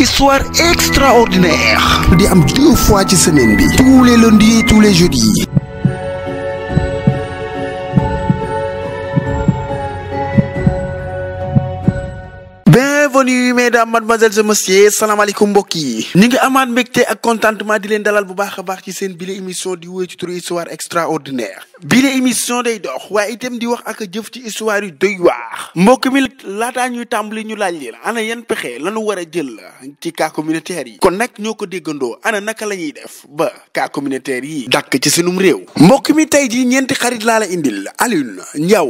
histoire extraordinaire di am deux fois ci semaine bi tous les lundis et tous les jeudis bienvenue mesdames mademoiselles et messieurs salaamaaleykum mbokk yi ñu ngi amaat mbégte ak contentement di leen dalal bu baax a baax ci seen bile émission di wéy ci turu histoire extraordinaire bile émission day dox waaye itam di wax ak jëf ci histoire yu doy waax mbokk mi laataa ñuy tàmbali ñu laaj leen ana yen pexe lañu war a jël ci cas communautaire yi kon nag ñoo ko déggandoo ana naka la ñuy def ba cas communautaire yi dàkk ci sunum réew mbokk mi tey ji ñeenti xarit laa la indil Alioune Ndiaw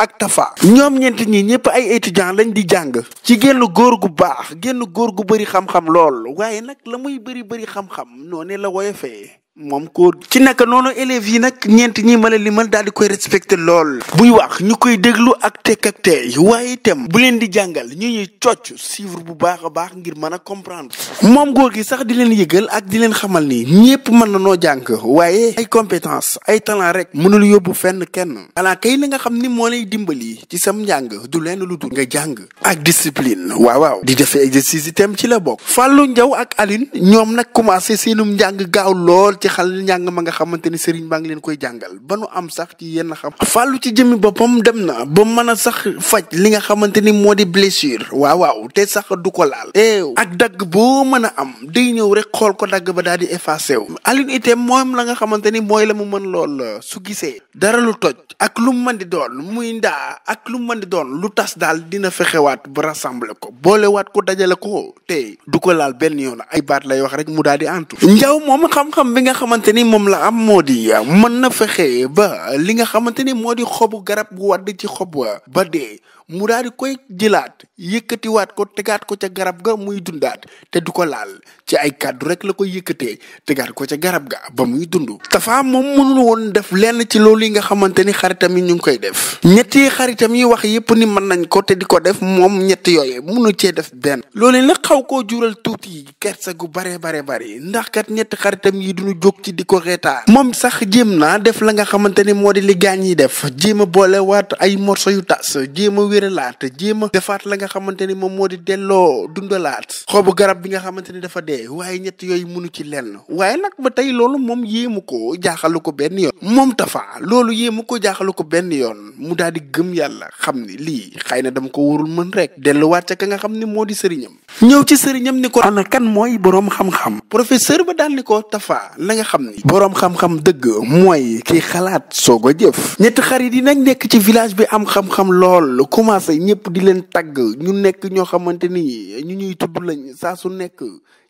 ak Tafa ñoom ñeent ñi ñëpp ay étudiants lañ di jàng ci genn góor gu baax génn góor gu bëri xam-xam lool waaye nag la muy bëri bëri xam-xam noonu la woyofee moom ko ci nekk noonu élèves yi nag ñeent ñi ma la limal daal di koy respecté lool buy wax ñu koy déglu ak tekk ak teey waaye itam bu leen di jàngal ñu ñuy cocc suivre bu baax a baax ngir mën a comprendre moom góor gi sax di leen yëgal ak di leen xamal ni ñépp mën na noo jàng waaye ay compétence ay talent rek mënul yóbbu fenn kenn xanaa kay nga xam ni moo lay dimbali ci sam njàng du leen lu dul nga jàng ak discipline waaw waaw di defee exercice itam ci la bokk Fallou Ndiaw ak Aline ñoom nag commencé seenum njàng gaaw lool ci xal njàng ma nga xamante ni sëriñ baa ngi leen koy jàngal ba nu am sax ci yenn xam fàllu ci jëmmi boppam dem na ba mën a sax faj li nga xamante ni moo di blessure waaw waaw te sax du ko laal eew ak dagg boo mën a am day ñëw rek xool ko dagg ba daal di effacé wu Alioune itam moom la nga xamante ni mooy la mu mën lool su gisee dara lu toj ak lu mën di doon muy ndaa ak lu mën di doon lu tas daal dina fexewaat ba rassemble ko boolewaat ko dajale ko te du ko laal benn yoon ay baat lay wax rek mu daal di antu njaw moom xam-xam bi nga nga xamante ni moom la am moo di mën na fexe ba li nga xamante ni moo di xobu garab gu wadd ci xob wa ba dee mu daal di koy jilaat yëkkatiwaat ko tegaat ko ca garab ga muy dundaat te du ko laal ci ay kàddu rek la ko yëkkatee tegaat ko ca garab ga ba muy dund. Tafa moom mënula woon def lenn ci loolu yi nga xamante ni xaritam yi ñu ngi koy def ñetti xaritam yi wax yépp ni mën nañ ko te di ko def moom ñetti yooyu mënu cee def benn. loolee nag xaw koo jural tuuti kersa gu bare bare bare ndax kat ñetti xaritam yi duñu jóg ci di ko reetaan moom sax jéem naa def la nga xamante ni moo di li gaañ yi def jéem a boolewaat ay morso yu tas jéem a wéralaat jéem a defaat la nga xamante ni moom moo di delloo dundalaat xobu garab bi nga xamante ni dafa dee waaye ñett yooyu mënu ci lenn waaye nag ba tey loolu moom yéemu ko jaaxalu ko benn yoon moom Tapha loolu yéemu ko jaaxalu ko benn yoon mu daal di gëm yàlla xam ni lii xëy na dama ko warul mën rek delluwaat ca ka nga xam ni moo di sëriñam ñëw ci sëriñam ni ko ana kan mooy boroom xam-xam professeur ba daal ni ko tafa la nga xam ni boroom xam-xam dëgg mooy kiy xalaat soog a jëf ñetti xarit yi nag nekk ci village bi am xam-xam lool commencé ñëpp di leen tagg ñu nekk ñoo xamante ni ñu ñuy tudd lañ saa su nekk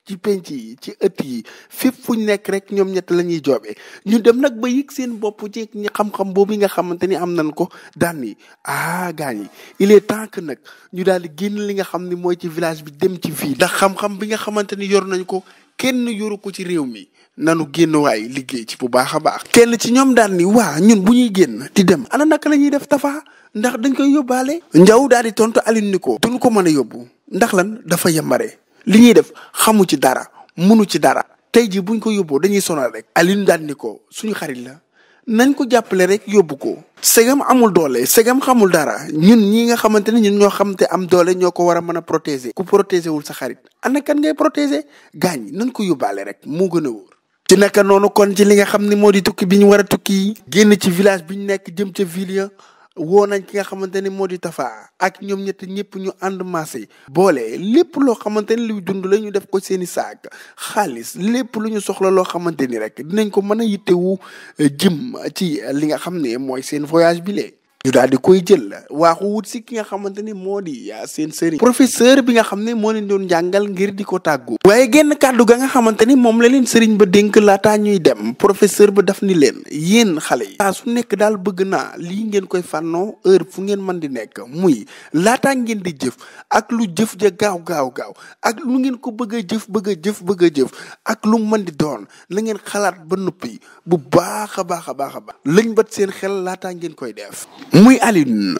ci penc yi ci ëtt yi fépp fu ñu nekk rek ñoom ñett la ñuy joobee ñu dem nag ba yëg seen bopp ci ñi xam-xam boobu nga xamante ni am nañ ko daan yi ah gaañ yi il est temps que nag ñu daal di génn li nga xam ni mooy ci village bi dem ci ville. ndax xam bi nga xamante ni yor nañ ko kenn yoru ko ci réew mi. nanu génn liggéey ci bu baax a baax. kenn ci ñoom daan ni waa ñun bu ñuy génn di dem. ana naka la ñuy def tafa ndax dañ koy yóbbaale. Njaw daal di tontu alin ni ko. duñ ko mën a yóbbu ndax lan dafa yembare. li ñuy def xamu ci dara munu ci dara tey jii buñ ko yóbboo dañuy sonal rek alinu daan ni ko suñu xarit la nañ ko jàppale rek yóbbu ko segam amul doole segam xamul dara ñun ñi nga xamante ne ñun ñoo xamante am doole ñoo ko war a mën a protéger ku protégé wul sa xarit ana kan ngay protéger gaañ nañ ko yóbbaale rek mu gën a wóor ci naka noonu kon ci li nga xam ne moo di tukki bi ñu war a tukki génn ci village bi ñu nekk jëm ca ville woo nañ ki nga xamante ni moo di Tafa ak ñoom ñett ñëpp ñu ànd massé boole lépp loo xamante ni luy dund la ñu def ko seen i saak xaalis lépp lu ñu soxla loo xamante ni rek dinañ ko mën a yittewu jëm ci li nga xam ne mooy seen voyage bi yu daal di koy jël waaxu wut si ki nga xamante ni moo di yaa seen sëriñ professeur bi nga xam ne moo leen doon jàngal ngir di ko tàggu waaye genn kàddu ga nga xamante ni moom la leen sëriñ ba dénk laataa ñuy dem professeur ba daf ni leen yéen xale yi saa su nekk daal bëgg naa lii ngeen koy fànnoo heure fu ngeen mën di nekk muy laataa ngeen di jëf ak lu jëf ja gaaw gaaw gaaw ak lu ngeen ko bëgg jëf bëgg a jëf bëgg a jëf ak lu mën di doon la ngeen xalaat ba noppi bu baax a baax a baax a baax lañ seen xel laataa ngeen koy def muy Alioune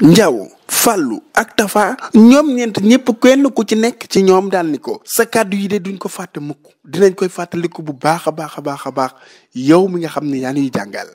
Ndiaw Fallou ak Tafa ñoom ñeent ñëpp kenn ku ci nekk ci ñoom daal ni ko sa kàddu yi de duñ ko fàtte mukk dinañ koy fàttaliku bu baax a baax a baax a baax yow mi nga xam ni yaa ngi jàngal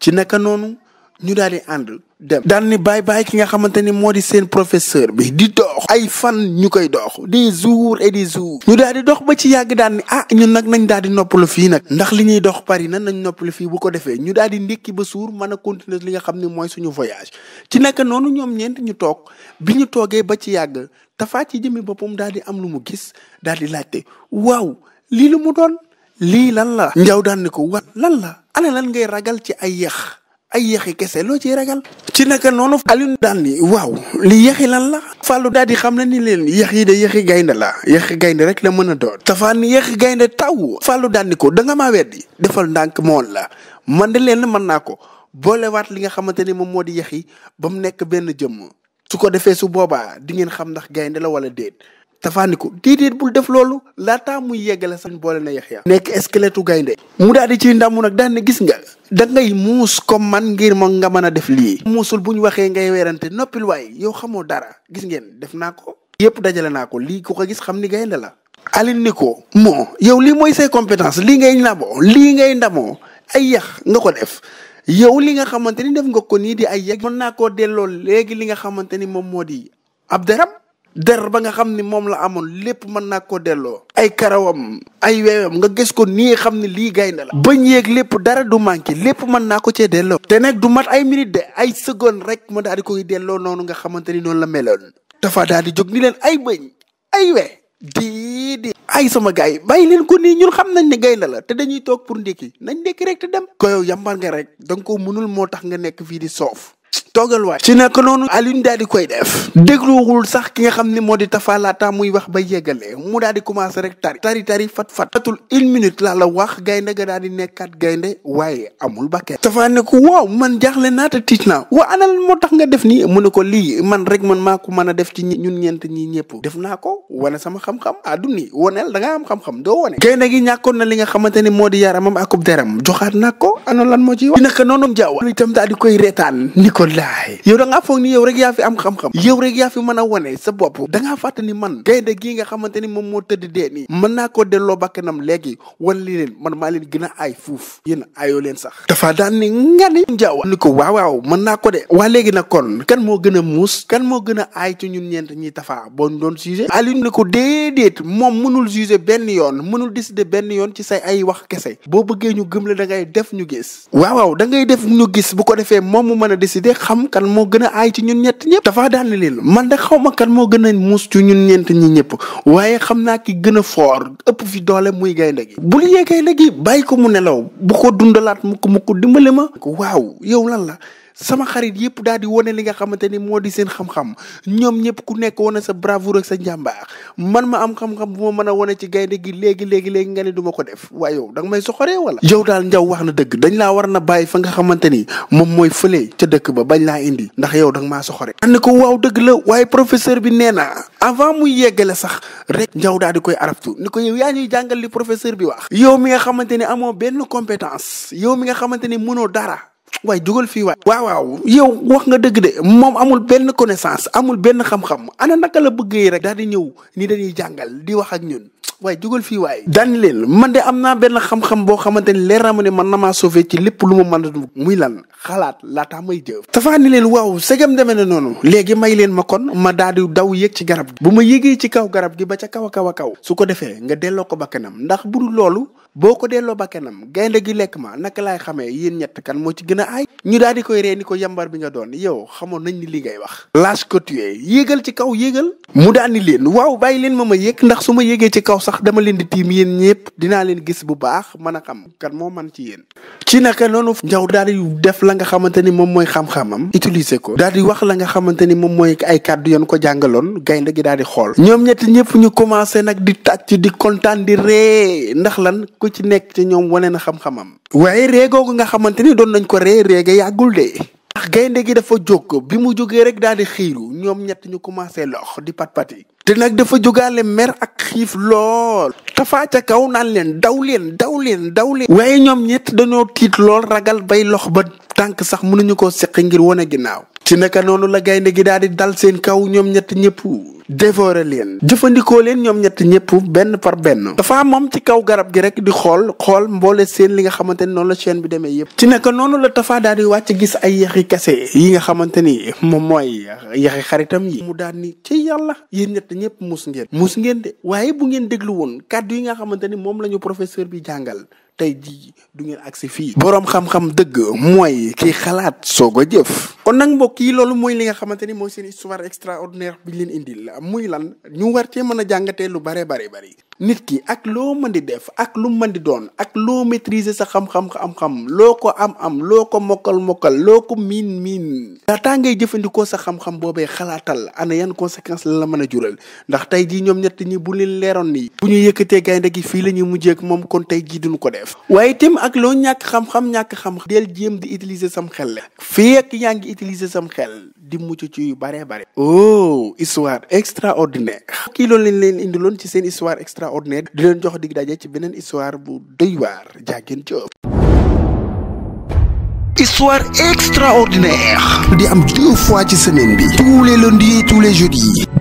ci naka noonu ñu daal di ànd dem daan ni baay bàyyi ki nga xamante ni moo di seen professeur bi di dox ay fan ñu koy dox des jours et des jours ñu daal di dox ba ci yàgg daal ni ah ñun nag nañ daal di noppalu fii nag ndax li ñuy dox Paris na nañ noppalu fii bu ko defee ñu daal di ndékki ba suur mën a continuer li nga xam ne mooy suñu voyage ci naka noonu ñoom ñeent ñu toog bi ñu toogee ba ci yàgg tafaa ci jëmi boppam daal di am lu mu gis daal di laajte waaw lii lu mu doon lii lan la njaw daan ko wa lan la ana lan ngay ragal ci ay yax ay yéexi kese loo ci ragal. ci naka noonu. Alioune daan ni waaw li yéexi lan la. Fallou daal di xam ne ni leen yéex yi de yéexi gaynde la yéexi gaynde rek la mën a door Tafaan ni yéexi gaynde taw. Fallou daan ko da nga maa weddi. defal ndànk moon la man de leen mën naa ko boolewaat li nga xamante ni moom moo di yéex yi ba mu nekk benn jëmm. su ko defee su boobaa di ngeen xam ndax gaynde la wala déet. Tapha ni ko déedéet bul def loolu laataa muy yeggale sax boole na Yaxya nekk esqueletu gaynde mu daal di ciy ndàmmu nag daan ne gis nga da ngay muus comme man ngir ma nga mën a def lii muusul bu ñu waxee ngay weerante noppil waay yow xamoo dara gis ngeen def naa ko yëpp dajale naa ko lii ku ko gis xam ni gaynde la Aline ni ko moo yow lii mooy say compétence lii ngay naboo lii ngay ndamoo ay yax nga ko def yow li nga xamante ni def nga ko nii di ay yax mën naa ko dellool léegi li nga xamante ni moom moo di ab darab der ba nga xam ni moom la amoon lépp mën na ko delloo ay karawam ay weewam nga gis ko nii xam ni lii gaynde la bañ yéeg lépp dara du manqué lépp mën naa ko cee delloo te nag du mat ay minute de ay seconde rek ma daal di koy delloo noonu nga xamante ni noonu la meloon dafa daal di jóg ni leen ay bëñ ay wee di di ay sama gars yi bàyyi leen ko nii ñun xam nañ ne gaynde la te dañuy toog pour ndékki nañ ndékki rek te dem ko yow yambar nga rek da nga mënul moo tax nga nekk fii di soof toogal waay ci nekk noonu Alioune daal di koy def dégluwul sax ki nga xam ne moo di Tafa muy wax ba yeggalee mu daal di commencé rek tari tari fat fat atul une minute laa la wax gaynde ga daal di nekkaat gaynde waaye amul bakkee Tafa ne ko waaw man jaaxle naa te tiit naa waa anal moo tax nga def nii mu ne ko lii man rek man maa ko mën a def ci ñun ñeent ñi ñëpp def naa ko wane sama xam-xam àdduni ah, waneel da nga am xam-xam doo wane gaynde gi ñàkkoon na li nga xamante ni moo di yaramam akub deram joxaat naa ko ana lan moo ci wax dina ko noonu jaawa itam daal billaahi yow da ngaa foog ni yow rek yaa fi am xam-xam yow rek yaa fi mën a wane sa bopp da ngaa man gaynde gii nga xamante ni moom moo tëdd dee nii mën naa ko delloo bakkanam léegi wan li leen man maa leen gën a aay fuuf yéen aayoo leen sax dafa daan ni nga ni ko waaw waaw mën naa ko de waa léegi nag kon kan moo gën a muus kan moo gën a aay ci ñun ñeent ñi tafaa boo ñu doon jugé Aliou ni ko déedéet moom mënul jugé benn yoon mënul décider benn yoon ci say ay wax kese boo bëggee ñu gëm la da ngay def ñu gis waaw waaw da ngay def ñu gis bu ko defee moom mu mën a décider xam kan moo gën a aay ci ñun ñett ñëpp dafa daan leen man de xaw kan moo gën a muus ci ñun ñeent ñi ñëpp waaye xam naa ki gën a foor ëpp fi doole muy gaynde gi bul yee gaynde gi bàyyi ko mu nelaw bu ko dundalaat mukk mukk dimbali ma waaw yow lan la sama xarit yëpp daal di wane li nga xamante ni moo di seen xam-xam ñoom ñëpp ku nekk wane sa bravoure sa njàmbaar man ma am xam-xam bu ma mën a wane ci gaynde gi léegi léegi léegi nga ne du ma ko def waaye yow da may soxoree wala yow daal njaw wax na dëgg dañ laa war na bàyyi fa nga xamante ni moom mooy fële ca dëkk ba bañ laa indi ndax yow da nga maa soxore ànd ko waw dëgg la waaye professeur bi nee na avant muy la sax rek njaw daal di koy arabtu ni ko yow yaa ñuy jàngal professeur bi wax yow mi nga xamante ni amoo benn compétence yow mi nga xamante ni mënoo dara waaye dugal fii waawaaw waaw yow wax nga dëgg de moom amul benn connaissance amul benn xam-xam ana naka la bëggee rek daal di ñëw nii dañuy jàngal di wax ak ñun waaye dugal fii waay daan leen man de am naa benn xam-xam boo xamante ni leer na ma ne man na maa sauvé ci lépp lu ma mën muy lan xalaat laataa may jëf tafaa ni leen waaw segam demee ne noonu léegi may leen ma kon ma daal di daw yéeg ci garab gi bu ma yégee ci kaw garab gi ba ca kaw a kaw a kaw su ko defee nga delloo ko bakkanam ndax bu loolu boo ko delloo bakkanam gaynde gi lekk ma naka laay xamee yéen ñett kan moo ci gën a ay ñu daal di koy ree ni ko yambar bi nga doon yow xamoon nañ ni li ngay wax laaj cot tuye yéegal ci kaw yéegal mu daal ni leen waaw bàyyi leen ma ma yéeg ndax su ma yéegee ci kaw sax dama leen di tiim yéen ñëpp dinaa leen gis bu baax mën a xam kan moo man ci yéen ci naka noonu njaw daal di def la nga xamante ni moom mooy xam-xamam utiliser ko daal di wax la nga xamante ni moom mooy ay kàddu yoon ko jàngaloon gaynde gi daal di xool ñoom ñett ñëpp ñu commencé nag di tàcc di kontaan di ree ndax lan ku ci nekk ci ñoom wane na xam-xamam. waaye reegoo googu nga xamante ni doon nañ ko ree reege yàggul de. ndax gaynde gi dafa jóg bi mu jógee rek daal di xiiru ñoom ñett ñu commencé lox di pat te nag dafa jógaale mer ak xiif lool. tafaa ca kaw naan leen daw leen daw leen daw leen. waaye ñoom ñett dañoo tiit lool ragal bay lox ba tànk sax mënuñu ko seq ngir wane ginnaaw. ci naka noonu la gaynde gi daal di dal seen kaw ñoom ñett ñëpp. dévorer leen jëfandikoo leen ñoom ñett ñëpp benn par benn dafa moom ci kaw garab gi rek di xool xool mboole seen li nga xamante ni noonu la chaîne bi demee yëpp ci naka noonu la Tapha daal di wàcc gis ay yaxi kese yi nga xamante ni moom mooy yaxi xaritam yi mu daan ni ci yàlla yéen ñett ñëpp mus ngeen mus ngeen de waaye bu ngeen déglu woon kàddu yi nga xamante ni moom la ñu professeur bi jàngal tey jii du ngeen agsi fii boroom xam-xam dëgg mooy kii xalaat soog a jëf kon nag mbokk yi loolu mooy li nga xamante ni mooy seen histoire extraordinaire bi leen indi la muy lan ñu war cee mën a jàngatee lu bare bare bari nit ki ak loo mën di def ak lu mën di doon ak loo maîtriser sa xam-xam xam loo ko am am loo ko mokkal mokkal loo ko miin miin laataa ngay jëfandikoo sa xam-xam boobee xalaatal ana yan conséquence la la mën a jural ndax tey jii ñoom ñett ñi bu leen leeroon nii bu ñu yëkkatee gaynde gi fii la ñuy mujjee moom kon tey jii duñu ko def waaye itam ak loo ñàkk xam-xam ñàkk xam-xam del jéem di utiliser sam xel fekk yaa ngi utiliser sam xel di mucc ci yu bare bare oh histoire extraordinaire kii loolu leen leen indiloon ci seen histoire extraordinaire di leen jox dig daje ci beneen histoire bu doy waar jaageen ci histoire extraordinaire di am deux fois ci semaine bi tous les lundis yi tous les jeudis